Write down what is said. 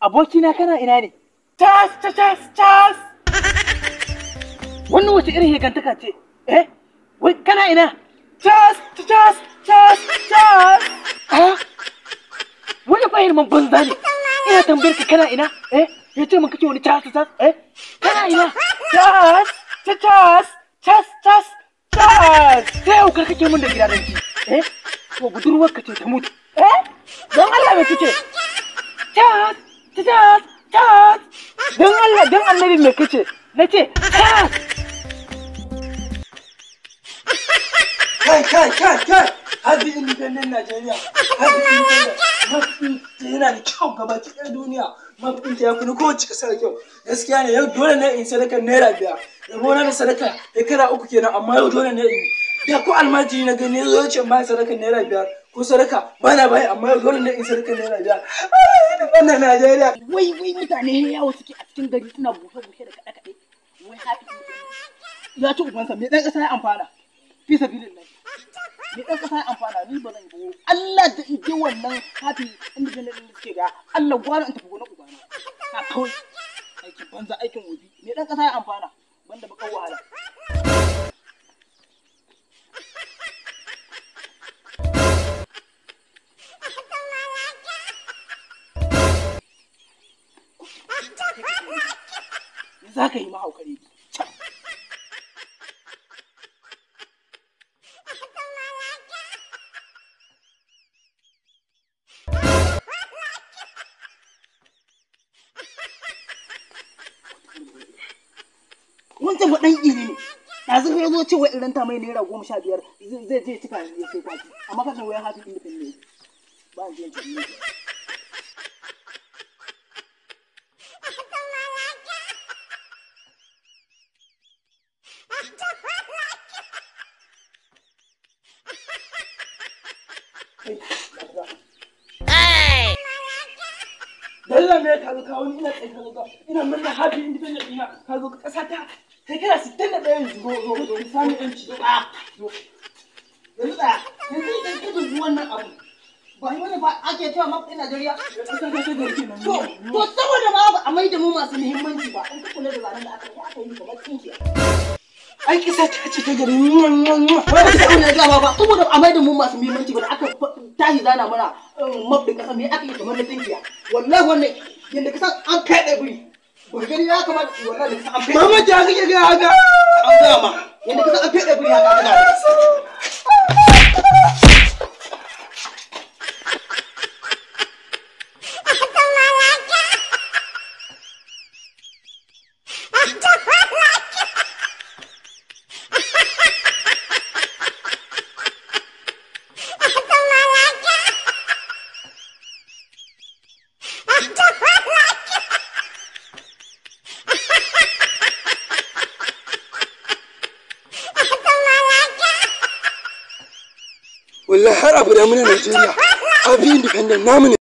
abokina kana ina ne tas tas tas wannan wace irin hegantaka ce eh wai kana ina tas tas tas tas ha, wani fahimar man banza ne ina tambayar ka kana ina eh ya ce min kake wani tas tas eh kana ina tas tas tas tas tas sai yau kake min da gidajen ki eh to budurwar ka ce ta mutu eh don Allah me kike tas tas tas don Allah don annabi me kace nace tas kai kai kai kai hazi independent Najeriya hazi independent mafinta yana da kyau gaba ɗaya duniya ta ya kuni kowace kasar kyau gaskiya ne yau dole ne in sadaka naira biyar rabo na sadaka ya kira uku kenan amma yau dole ne in da ko almajiri na gani zo ya ce ma sadaka naira biyar ko sadaka ba na bai amma dole ne in sadaka ne na ja wannan Najeriya wai wai mutane yawo suke a cikin gari suna bushe bushe da kada kada wai hafi ya ci ubansa me dan kasa ya amfana fi sabilin nan me dan kasa ya amfana ni ba zan yi Allah da ije wannan hafi inda jin dadin suke ga Allah gwara in tafi gonar ubana ka kawai aikin banza aikin wobi me dan kasa ya amfana banda bakan wahala za ka yi mahaukari wancan faɗan ne yanzu ya zo cewa idan ta mai naira goma sha biyar zai je cika ya sai kwaki amma kasan wai hafi independent ba a zai jami'ai Dalla me ka zo kawo ni ina tsaye ka zo ina murna happy independent ina ka zo kasa ta kai kana 61 yanzu zo zo zo sami yanci zo a ah, zo yanzu da yanzu idan ka dubi wannan abu ba yi wani ba ake cewa mafi Najeriya to to saboda ba a maida mu masu muhimmanci ba in ka kisa ta ce ta gari ba da sai ne gawa ba saboda a mai da mu masu muhimmanci ba aka tashi zana mana mabdin um, kasa me aka yi kamar da tsinkiya wallahi wannan yanda kasan an kai da buri ba gani ya kamata wallahi da kasan an kai mama ta kike ga haka an ga yanda kasan an kai da buri haka ولا هرب رامنا نجنا أبين بحنا نامن